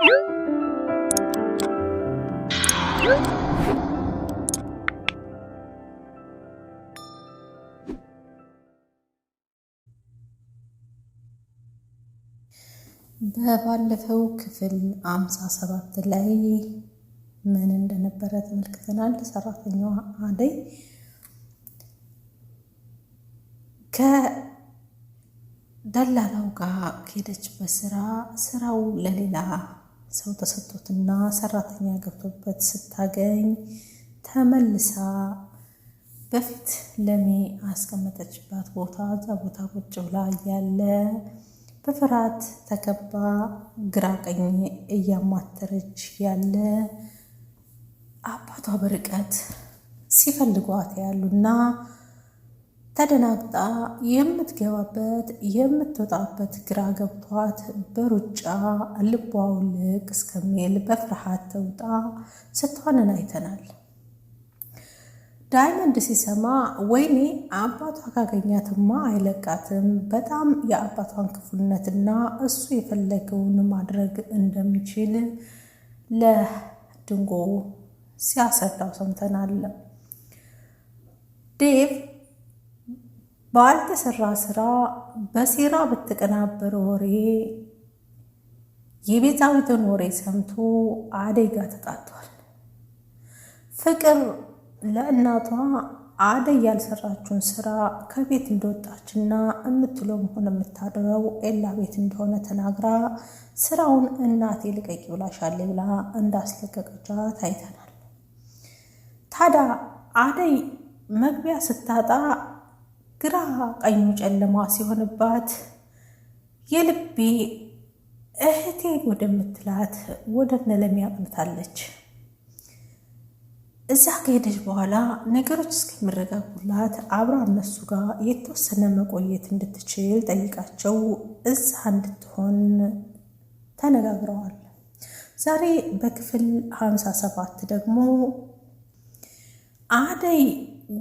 በባለፈው ክፍል አምሳ ሰባት ላይ ምን እንደነበረ ተመልክተናል። ሰራተኛዋ አደይ ከደላላው ጋር ከሄደችበት በስራ ስራው ለሌላ ሰው ተሰጥቶትና ሰራተኛ ገብቶበት ስታገኝ ተመልሳ በፊት ለሜ አስቀመጠችባት ቦታ እዛ ቦታ ቁጭ ብላ እያለ በፍርሃት ተከባ ግራ ቀኝ እያማተረች ያለ አባቷ በርቀት ሲፈልጓት ያሉና ተደናግጣ የምትገባበት የምትወጣበት ግራ ገብቷት በሩጫ ልቧ ውልቅ እስከሚል በፍርሃት ተውጣ ስትሆንን አይተናል። ዳይመንድ ሲሰማ ወይኔ አባቷ ካገኛትማ አይለቃትም። በጣም የአባቷን ክፉነትና እሱ የፈለገውን ማድረግ እንደሚችል ለድንጎ ሲያሰዳው ሰምተናል። ዴቭ ባልተሰራ ስራ በሴራ በተቀናበረ ወሬ የቤዛዊትን ወሬ ሰምቶ አደይ ጋር ፍቅር ለእናቷ አደይ ያልሰራችውን ስራ ከቤት እንደወጣችና የምትለው መሆን የምታድረው ኤላ ቤት እንደሆነ ተናግራ ስራውን እናቴ ልቀቂ ብላሻለ ብላ እንዳስለቀቀቻ ታይተናል። ታዲያ አደይ መግቢያ ስታጣ ግራ ቀኙ ጨለማ ሲሆንባት የልቤ እህቴ ወደምትላት ወደ ነለሚ አቅንታለች። እዛ ከሄደች በኋላ ነገሮች እስከሚረጋጉላት አብራ እነሱ ጋር የተወሰነ መቆየት እንድትችል ጠይቃቸው እዛ እንድትሆን ተነጋግረዋል። ዛሬ በክፍል ሃምሳ ሰባት ደግሞ አደይ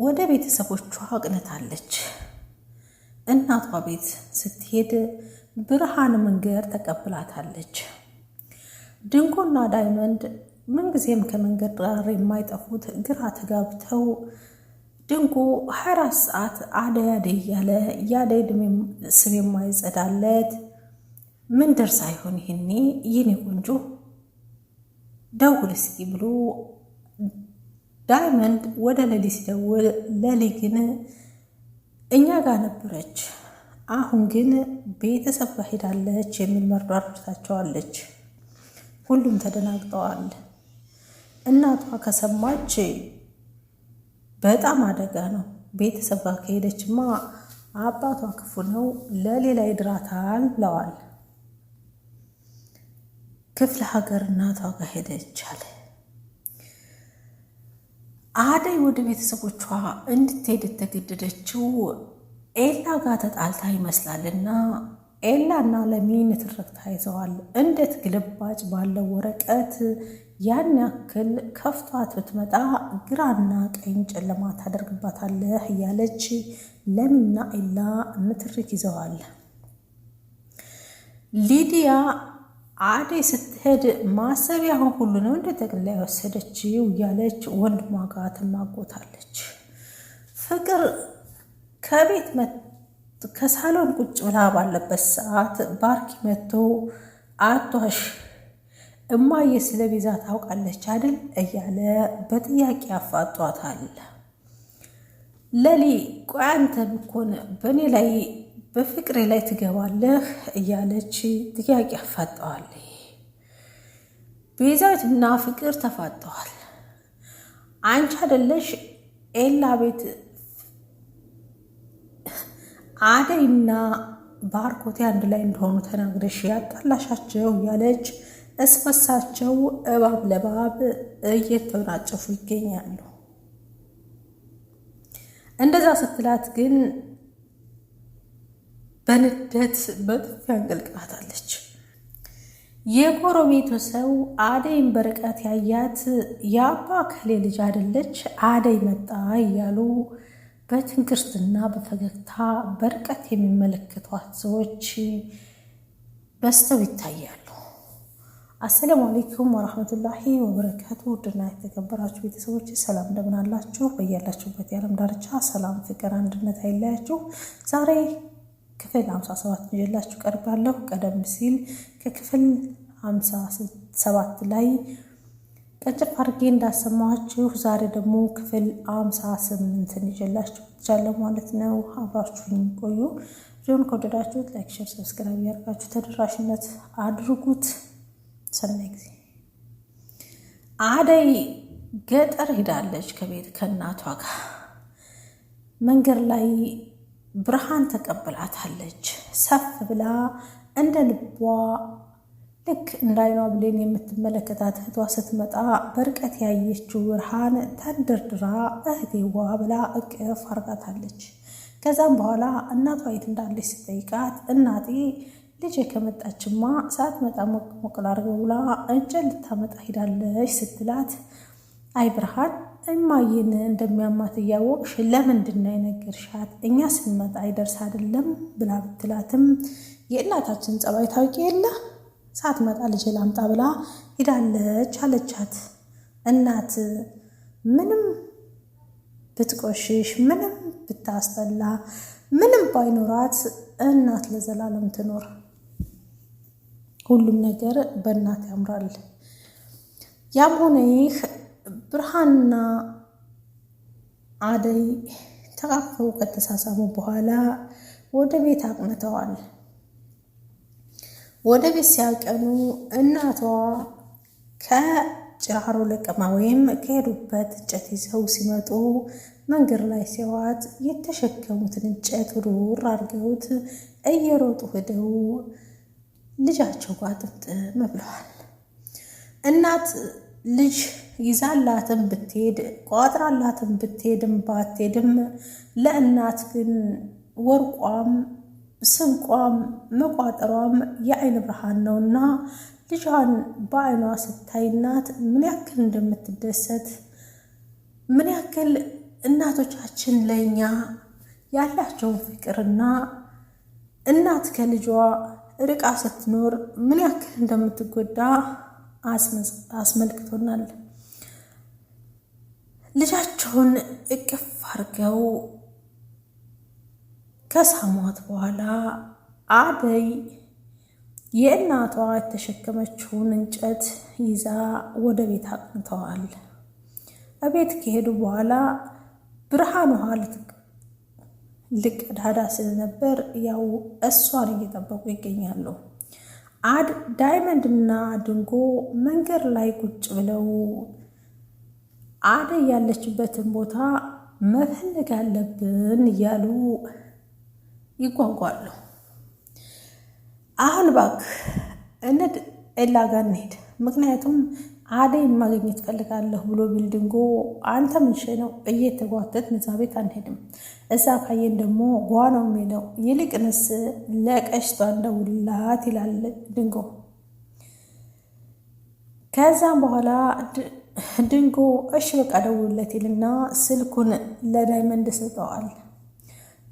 ወደ ቤተሰቦቿ አቅንታለች። እናቷ ቤት ስትሄድ ብርሃን መንገድ ተቀብላታለች። ድንጎና ዳይመንድ ምንጊዜም ከመንገድ ዳር የማይጠፉት ግራ ተጋብተው ድንጎ ሃያ ሰዓት አደይ አደይ እያለ የአደይ ስም የማይጸዳለት ምን ደርሳ ይሆን? ይህኔ ይህኔ ቆንጆ ደውል እስኪ ብሎ ዳይመንድ ወደ ለሊ ሲደውል ለሊ ግን እኛ ጋር ነበረች፣ አሁን ግን ቤተሰብ ጋር ሄዳለች የሚል መርዶ አድርሳቸዋለች። ሁሉም ተደናግጠዋል። እናቷ ከሰማች በጣም አደጋ ነው። ቤተሰብ ጋር ከሄደችማ አባቷ ክፉ ነው፣ ለሌላ ይድራታል ብለዋል። ክፍለ ሀገር እናቷ ጋር ሄደች አለ አደይ ወደ ቤተሰቦቿ እንድትሄድ የተገደደችው ኤላ ጋር ተጣልታ ይመስላልና ኤላና ለሚ ንትርክ ታይዘዋል። እንዴት ግልባጭ ባለው ወረቀት ያን ያክል ከፍቷት ብትመጣ ግራና ቀኝ ጨለማ ታደርግባታለህ እያለች ለሚና ኤላ ንትርክ ይዘዋል። ሊዲያ አደይ ስትሄድ ማሰቢያ ሁሉ ነው እንደ ጠቅላ ወሰደችው እያለች ወንድሟ ጋር ትማጎታለች። ፍቅር ከቤት ከሳሎን ቁጭ ብላ ባለበት ሰዓት ባርኪ መጥቶ አቷሽ እማዬ ስለ ቤዛ ታውቃለች አይደል እያለ በጥያቄ አፋጧታል። ለሊ ቆይ አንተ ብኮን በእኔ ላይ በፍቅሬ ላይ ትገባለህ እያለች ጥያቄ አፋጠዋል። ቤዛዊት እና ፍቅር ተፋጠዋል። አንቺ አይደለሽ ኤላ ቤት አደይና ባርኮቴ አንድ ላይ እንደሆኑ ተናግረሽ ያጣላሻቸው እያለች እስፈሳቸው እባብ ለባብ እየተወናጨፉ ይገኛሉ። እንደዛ ስትላት ግን በንደት በጥፊ አንቀልቅላታለች። የጎረቤቱ ሰው አደይን በርቀት ያያት የአባ ከሌ ልጅ አይደለች አደይ መጣ እያሉ በትንግርትና በፈገግታ በርቀት የሚመለከቷት ሰዎች በስተው ይታያሉ። አሰላሙ አሌይኩም ወረህመቱላሂ ወበረካቱ። ውድና የተከበራችሁ ቤተሰቦች ሰላም እንደምን አላችሁ? በያላችሁበት የዓለም ዳርቻ ሰላም፣ ፍቅር፣ አንድነት አይለያችሁ። ዛሬ ክፍል 57 ይዤላችሁ ቀርባለሁ። ቀደም ሲል ከክፍል 57 ላይ ቀጭፍ አድርጌ እንዳሰማችሁ ዛሬ ደግሞ ክፍል 58ን ይዤላችሁ እችላለሁ ማለት ነው። አብራችሁኝ ቆዩ። ቪዲዮን ከወደዳችሁት ላይክ፣ ሼር፣ ሰብስክራይብ ያደርጋችሁ ተደራሽነት አድርጉት። ሰናይ ጊዜ። አደይ ገጠር ሄዳለች ከቤት ከእናቷ ጋር መንገድ ላይ ብርሃን ተቀብላታለች። ሰፍ ብላ እንደ ልቧ ልክ እንደ አይኗ ብሌን የምትመለከታት እህቷ ስትመጣ በርቀት ያየችው ብርሃን ተንደርድራ እህቴዋ ብላ እቅፍ አርጋታለች። ከዛም በኋላ እናቷ የት እንዳለች ስጠይቃት እናቴ ልጄ ከመጣችማ ሳትመጣ ሞቅ ሞቅ አድርገው ብላ እንጨት ልታመጣ ሂዳለች ስትላት አይ ብርሃን እማዬን እንደሚያማት እያወቅሽ ለምንድን ነው የነገርሻት? እኛ ስንመጣ ይደርስ አይደለም ብላ ብትላትም የእናታችን ጸባይ ታውቂ የለ ሳትመጣ ልጅ ላምጣ ብላ ሂዳለች አለቻት። እናት ምንም ብትቆሽሽ፣ ምንም ብታስጠላ፣ ምንም ባይኖራት እናት ለዘላለም ትኖር። ሁሉም ነገር በእናት ያምራል። ያም ሆነ ይህ ብርሃንና አደይ ተቃቅፈው ከተሳሳሙ በኋላ ወደ ቤት አቅንተዋል። ወደ ቤት ሲያቀኑ እናቷ ከጭራሮ ለቀማ ወይም ከሄዱበት እንጨት ይዘው ሲመጡ መንገድ ላይ ሲዋት የተሸከሙትን እንጨት ውርውር አድርገውት እየሮጡ ሄደው ልጃቸው ጋር ጥምጥም ብለዋል። እናት ልጅ ይዛላትም ብትሄድ ቋጥራላትም ብትሄድም ባትሄድም ለእናት ግን ወርቋም ስንቋም መቋጠሯም የአይን ብርሃን እና ልጇን በአይኗ ስታይ እናት ምን ያክል እንደምትደሰት ምን ያክል እናቶቻችን ለእኛ ያላቸውን ፍቅርና እናት ከልጇ ርቃ ስትኖር ምን ያክል እንደምትጎዳ አስመልክቶናል። ልጃቸውን እቅፍ አድርገው ከሳሟት በኋላ አደይ የእናቷ የተሸከመችውን እንጨት ይዛ ወደ ቤት አቅንተዋል። እቤት ከሄዱ በኋላ ብርሃን ውሃ ልቀዳዳ ስለነበር ያው እሷን እየጠበቁ ይገኛሉ። አድ ዳይመንድና ድንጎ መንገድ ላይ ቁጭ ብለው አደ ያለችበትን ቦታ መፈለግ አለብን እያሉ ይጓጓሉ። አሁን ባክ እንድ ኤላ ጋር እንሄድ፣ ምክንያቱም አደይን ማግኘት ፈልጋለሁ ብሎ ቢልድንጎ አንተ ምንሽ ነው እየተጓተት እዛ ቤት አንሄድም። እዛ ካየን ደግሞ ጓ ነው የሚለው ይልቅንስ ለቀሽቷ እንደውላት ይላል ድንጎ። ከዛም በኋላ ድንጎ እሽ በቃ ደውልለት ይልና ስልኩን ለዳይመንድ ሰጠዋል።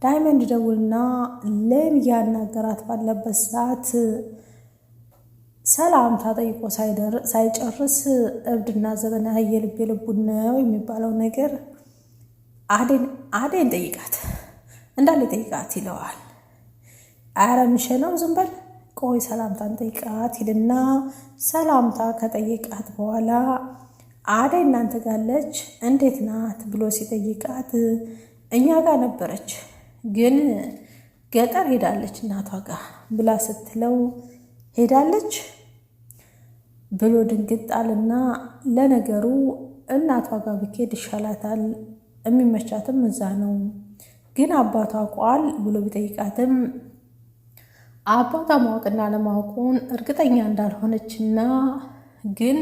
ዳይመንድ ደውልና ለም ያናገራት ባለበት ሰዓት ሰላምታ ጠይቆ ሳይጨርስ እብድና ዘበና የልቤ ልቡን ነው የሚባለው ነገር አዴን ጠይቃት እንዳለ ጠይቃት ይለዋል። አረ ምሸ ነው ዝም በል ቆይ ሰላምታን ጠይቃት ይልና ሰላምታ ከጠይቃት በኋላ አዴ እናንተ ጋለች እንዴት ናት ብሎ ሲጠይቃት እኛ ጋር ነበረች ግን ገጠር ሄዳለች እናቷ ጋር ብላ ስትለው ሄዳለች ብሎ ድንግጣልና ለነገሩ እናቷ ጋር ብኬድ ይሻላታል፣ የሚመቻትም እዛ ነው። ግን አባቷ አውቋል ብሎ ቢጠይቃትም አባቷ ማወቅና ለማወቁን እርግጠኛ እንዳልሆነችና ግን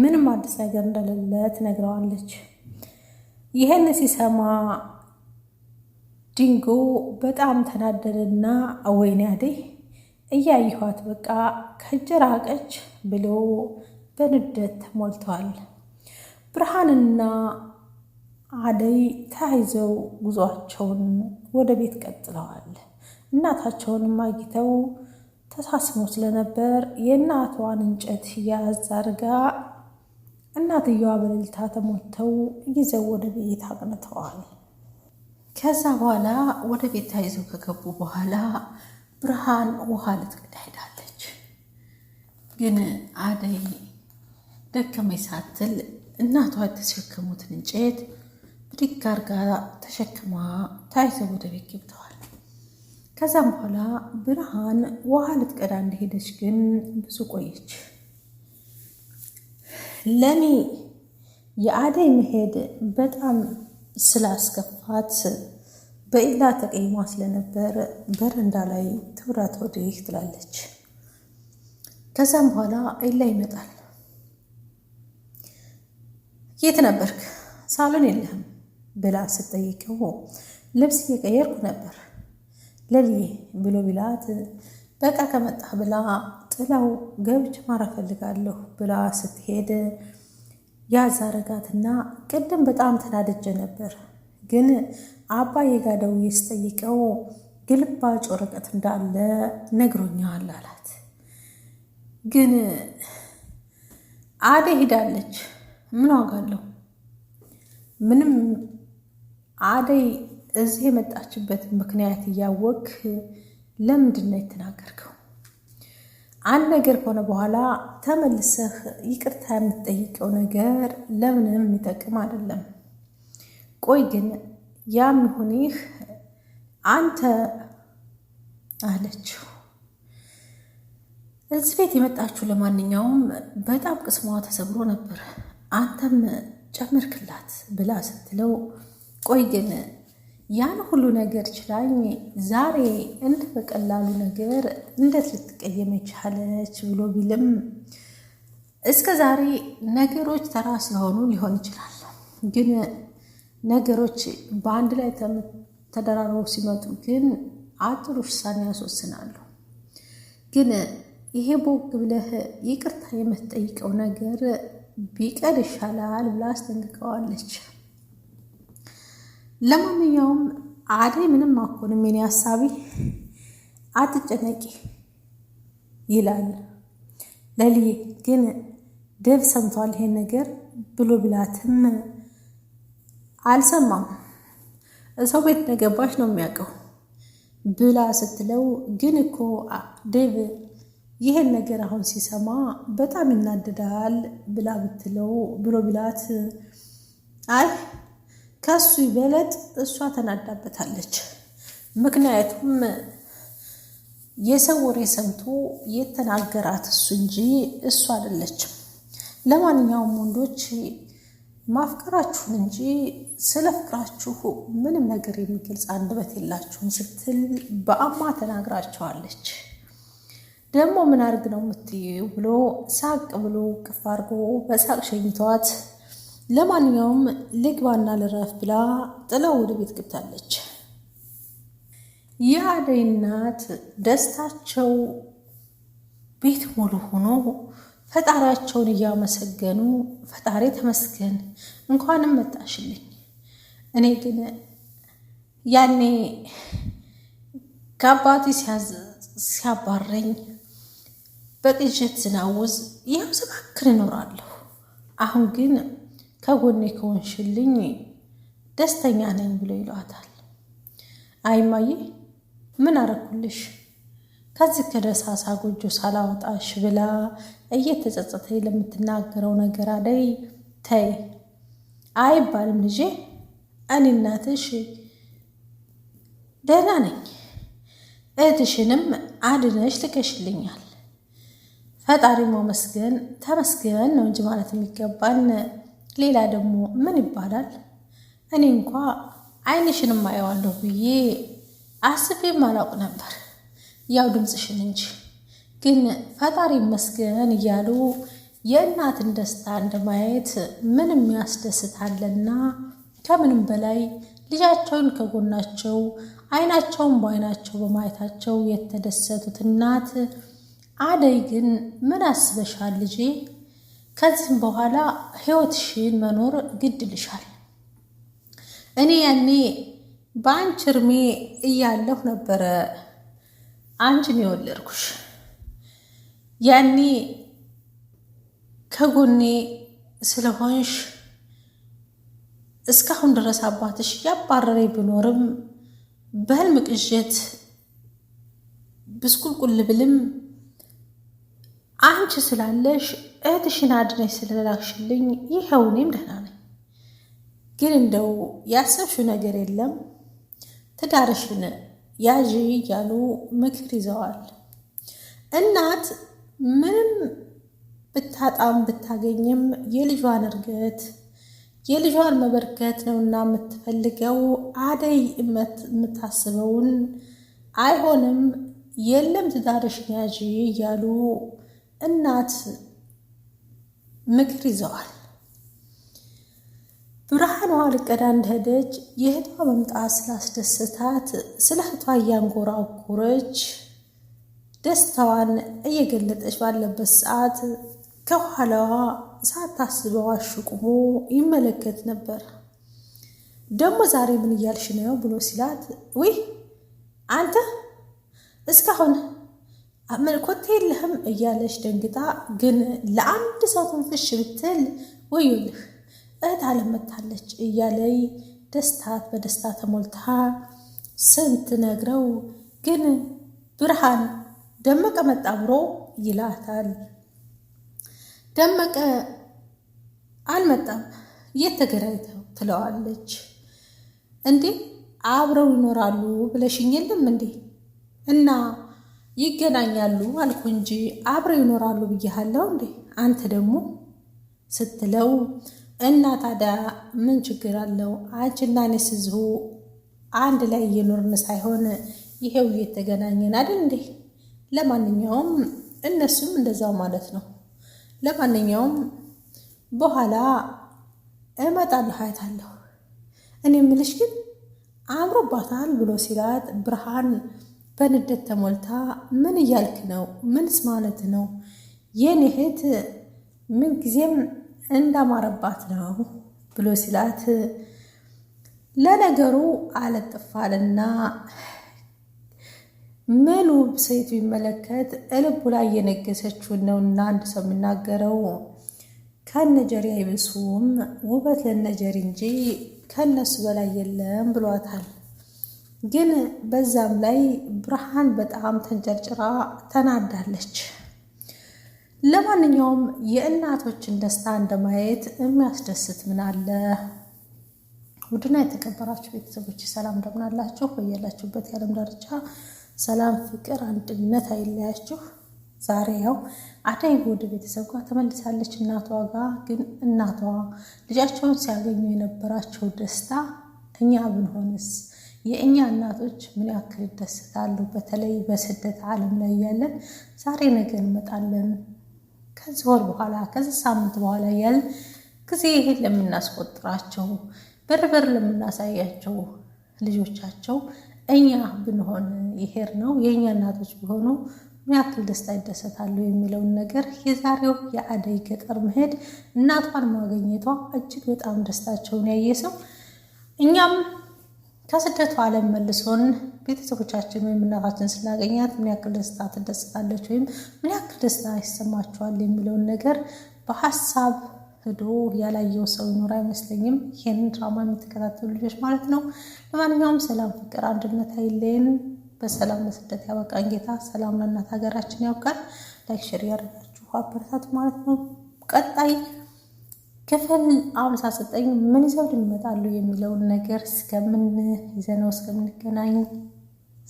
ምንም አዲስ ነገር እንደሌለ ትነግረዋለች። ይህን ሲሰማ ድንጎ በጣም ተናደደና ወይኔ አደይ እያየኋት በቃ ከጀራ ራቀች ብሎ በንደት ሞልተዋል። ብርሃንና አደይ ተያይዘው ጉዟቸውን ወደ ቤት ቀጥለዋል። እናታቸውንም አግኝተው ተሳስሞ ስለነበር የእናቷን እንጨት ያዝ አድርጋ እናትየዋ በልልታ ተሞተው ይዘው ወደ ቤት አቅንተዋል። ከዛ በኋላ ወደ ቤት ተያይዘው ከገቡ በኋላ ብርሃን ውሃ ልትቀዳ ሄዳለች። ግን አደይ ደከመኝ ሳትል እናቷ የተሸከሙትን እንጨት ብድግ አርጋ ተሸክማ ታይዘው ወደ ቤት ገብተዋል። ከዛም በኋላ ብርሃን ውሃ ልትቀዳ እንደሄደች ግን ብዙ ቆየች። ለሚ የአደይ መሄድ በጣም ስላስከፋት በኢላ ተቀይሟ ስለነበረ በረንዳ ላይ ትውራት ወዲህ ትላለች። ከዛም በኋላ ኢላ ይመጣል። የት ነበርክ? ሳሎን የለህም ብላ ስትጠይቀው ልብስ እየቀየርኩ ነበር ለልዬ ብሎ ቢላት በቃ ከመጣ ብላ ጥላው ገብች ማረፍ ብላ ስትሄድ ያዛረጋትና ቅድም በጣም ተናድጄ ነበር ግን አባዬ ጋ ደውዬ ስጠይቀው ግልባጭ ወረቀት እንዳለ ነግሮኛል አላት። ግን አደይ ሄዳለች፣ ምን ዋጋ አለው? ምንም አደይ እዚህ የመጣችበት ምክንያት እያወቅ ለምንድን ነው የተናገርከው? አንድ ነገር ከሆነ በኋላ ተመልሰህ ይቅርታ የምትጠይቀው ነገር ለምንም የሚጠቅም አይደለም። ቆይ ግን ያም ይሁን ይህ አንተ አለችው። እዚህ ቤት የመጣችሁ ለማንኛውም በጣም ቅስሟ ተሰብሮ ነበር፣ አንተም ጨምርክላት ብላ ስትለው ቆይ ግን ያን ሁሉ ነገር ችላኝ ዛሬ እንደ በቀላሉ ነገር እንዴት ልትቀየመ ይቻለች ብሎ ቢልም እስከ ዛሬ ነገሮች ተራ ስለሆኑ ሊሆን ይችላል ግን ነገሮች በአንድ ላይ ተደራርበው ሲመጡ ግን አጥሩ ውሳኔ ያስወስናሉ። ግን ይሄ ቦግ ብለህ ይቅርታ የምትጠይቀው ነገር ቢቀር ይሻላል ብላ አስጠንቅቀዋለች። ለማንኛውም አደይ ምንም አኮንም የኔ ሀሳቢ አትጨነቂ ይላል ለልዬ ግን ደብ ሰምቷል ይሄን ነገር ብሎ ብላትም አልሰማም። እሰው ቤት እንደገባች ነው የሚያውቀው ብላ ስትለው ግን እኮ ዴቭ ይሄን ነገር አሁን ሲሰማ በጣም ይናደዳል ብላ ብትለው ብሎ ቢላት አይ ከሱ ይበለጥ እሷ ተናዳበታለች። ምክንያቱም የሰው ወሬ ሰምቶ የተናገራት እሱ እንጂ እሱ አይደለችም። ለማንኛውም ወንዶች ማፍቀራችሁን እንጂ ስለ ፍቅራችሁ ምንም ነገር የሚገልጽ አንደበት የላችሁም ስትል በአማ ተናግራቸዋለች። ደግሞ ምን አድርግ ነው የምትይው ብሎ ሳቅ ብሎ ቅፍ አድርጎ በሳቅ ሸኝተዋት፣ ለማንኛውም ልግባና ልረፍ ብላ ጥለው ወደ ቤት ገብታለች። የአደይ እናት ደስታቸው ቤት ሙሉ ሆኖ ፈጣሪያቸውን እያመሰገኑ ፈጣሪ ተመስገን እንኳንም መጣሽልኝ። እኔ ግን ያኔ ከአባቴ ሲያባረኝ በቅዠት ስናውዝ ይህም ስባክን እኖራለሁ። አሁን ግን ከጎኔ ከሆንሽልኝ ደስተኛ ነኝ ብሎ ይለዋታል። አይማዬ ምን አረኩልሽ? ከዚህ ከደሳሳ ጎጆ ሳላወጣሽ ብላ እየተጸጸተ ለምትናገረው ነገር አደይ ተይ አይባልም ልጄ፣ እኔ እናትሽ ደህና ነኝ። እህትሽንም አድነሽ ትከሽልኛል ፈጣሪ ማመስገን ተመስገን ነው እንጂ ማለት የሚገባን ሌላ ደግሞ ምን ይባላል? እኔ እንኳ አይንሽንም አየዋለሁ ብዬ አስቤም አላውቅ ነበር። ያው ድምፅሽን እንጂ ግን ፈጣሪ ይመስገን እያሉ የእናትን ደስታ እንደማየት ምንም ያስደስታልና ከምንም በላይ ልጃቸውን ከጎናቸው አይናቸውን በአይናቸው በማየታቸው የተደሰቱት እናት አደይ ግን ምን አስበሻል ልጄ? ከዚህም በኋላ ህይወትሽን መኖር ግድ ልሻል። እኔ ያኔ በአንቺ እርሜ እያለሁ ነበረ አንቺን የወለድኩሽ ያኔ ከጎኔ ስለሆንሽ እስካሁን ድረስ አባትሽ እያባረሬ ብኖርም በህልም ቅዠት ብስቁልቁል ብልም አንቺ ስላለሽ እህትሽን አድነሽ ስለላክሽልኝ ይኸው እኔም ደህና ነኝ። ግን እንደው ያሰብሽው ነገር የለም ትዳርሽን ያዥ እያሉ ምክር ይዘዋል። እናት ምንም ብታጣም ብታገኝም የልጇን እርገት የልጇን መበርከት ነውና የምትፈልገው አደይ የምታስበውን አይሆንም የለም ትዳርሽን ያዥ እያሉ እናት ምክር ይዘዋል። ብርሃኗ ልቀዳ እንደሄደች የእህቷ መምጣት ስላስደስታት ስለ እህቷ እያንጎራጎረች ደስታዋን እየገለጠች ባለበት ሰዓት ከኋላዋ ሳታስበው ቁሞ ይመለከት ነበር። ደግሞ ዛሬ ምን እያልሽ ነው ብሎ ሲላት፣ ውይ አንተ እስካሁን መልኮት የለህም እያለች ደንግጣ፣ ግን ለአንድ ሰው ትንፍሽ ብትል ወዮልህ እህት አለመታለች እያለይ ደስታት በደስታ ተሞልታ ስንት ነግረው ግን ብርሃን ደመቀ መጣ ብሮ ይላታል። ደመቀ አልመጣም የት ተገናኝተው ትለዋለች። እንዴ አብረው ይኖራሉ ብለሽኝ የለም እንዴ? እና ይገናኛሉ አልኩ እንጂ አብረው ይኖራሉ ብያሃለው እንዴ አንተ ደግሞ ስትለው እና ታዲያ ምን ችግር አለው? አንቺና እኔስ እዚሁ አንድ ላይ እየኖርን ሳይሆን ይሄው እየተገናኘን አይደል እንዴ? ለማንኛውም እነሱም እንደዛው ማለት ነው። ለማንኛውም በኋላ እመጣለሁ፣ አለሁ? እኔ የምልሽ ግን አምሮባታል ብሎ ሲላት ብርሃን በንደት ተሞልታ ምን እያልክ ነው? ምንስ ማለት ነው? የኔ እህት ምንጊዜም እንዳማረባት ነው ብሎ ሲላት ለነገሩ አለጥፋልና ምሉ ሴቱ ይመለከት እልቡ ላይ የነገሰችውን ነው እና አንድ ሰው የሚናገረው ከነጀሪ አይብሱም ውበት ለነጀሪ እንጂ ከነሱ በላይ የለም ብሏታል። ግን በዛም ላይ ብርሃን በጣም ተንጨርጭራ ተናዳለች። ለማንኛውም የእናቶችን ደስታ እንደማየት የሚያስደስት ምን አለ? ውድና የተከበራችሁ ቤተሰቦች ሰላም እንደምናላችሁ፣ በያላችሁበት የዓለም ዳርቻ ሰላም፣ ፍቅር፣ አንድነት አይለያችሁ። ዛሬ ያው አደይ ወደ ቤተሰብ ጋር ተመልሳለች። እናቷ ጋር ግን እናቷ ልጃቸውን ሲያገኙ የነበራቸው ደስታ እኛ ብንሆንስ የእኛ እናቶች ምን ያክል ይደሰታሉ? በተለይ በስደት ዓለም ላይ ያለን ዛሬ ነገ እንመጣለን ከዚህ ወር በኋላ ከዚህ ሳምንት በኋላ እያልን ጊዜ ይሄን ለምናስቆጥራቸው በርበር ለምናሳያቸው ልጆቻቸው እኛ ብንሆን ይሄር ነው የእኛ እናቶች ቢሆኑ ምን ያክል ደስታ ይደሰታሉ የሚለውን ነገር የዛሬው የአደይ ገጠር መሄድ እናቷን ማገኘቷ እጅግ በጣም ደስታቸውን ያየ ሰው እኛም ከስደቱ ዓለም መልሶን ቤተሰቦቻችን ወይም እናታችን ስናገኛት ምን ያክል ደስታ ትደስታለች ወይም ምን ያክል ደስታ ይሰማቸዋል የሚለውን ነገር በሀሳብ ህዶ ያላየው ሰው ይኖር አይመስለኝም። ይህን ድራማ የምትከታተሉ ልጆች ማለት ነው። ለማንኛውም ሰላም፣ ፍቅር፣ አንድነት አይለየን። በሰላም ለስደት ያበቃን ጌታ ሰላም ለእናት ሀገራችን ያውቃል። ላይክ ሼር ያደርጋችሁ አበረታት ማለት ነው። ቀጣይ ክፍል አምሳ ዘጠኝ ምን ይዘው ይመጣሉ የሚለውን ነገር እስከምን ይዘነው እስከምንገናኝ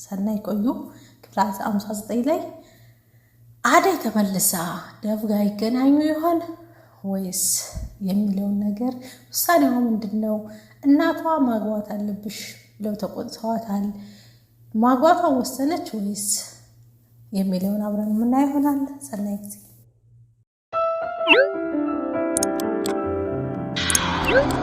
ሰናይ ቆዩ። ክፍል አምሳ ዘጠኝ ላይ አደይ ተመልሳ ደብ ይገናኙ ይሆን ወይስ የሚለውን ነገር ውሳኔዋ ምንድን ነው? እናቷ ማግባት አለብሽ ብለው ተቆጥተዋታል። ማግባቷ ወሰነች ወይስ የሚለውን አብረን የምናየው ይሆናል። ሰናይ ጊዜ Huh?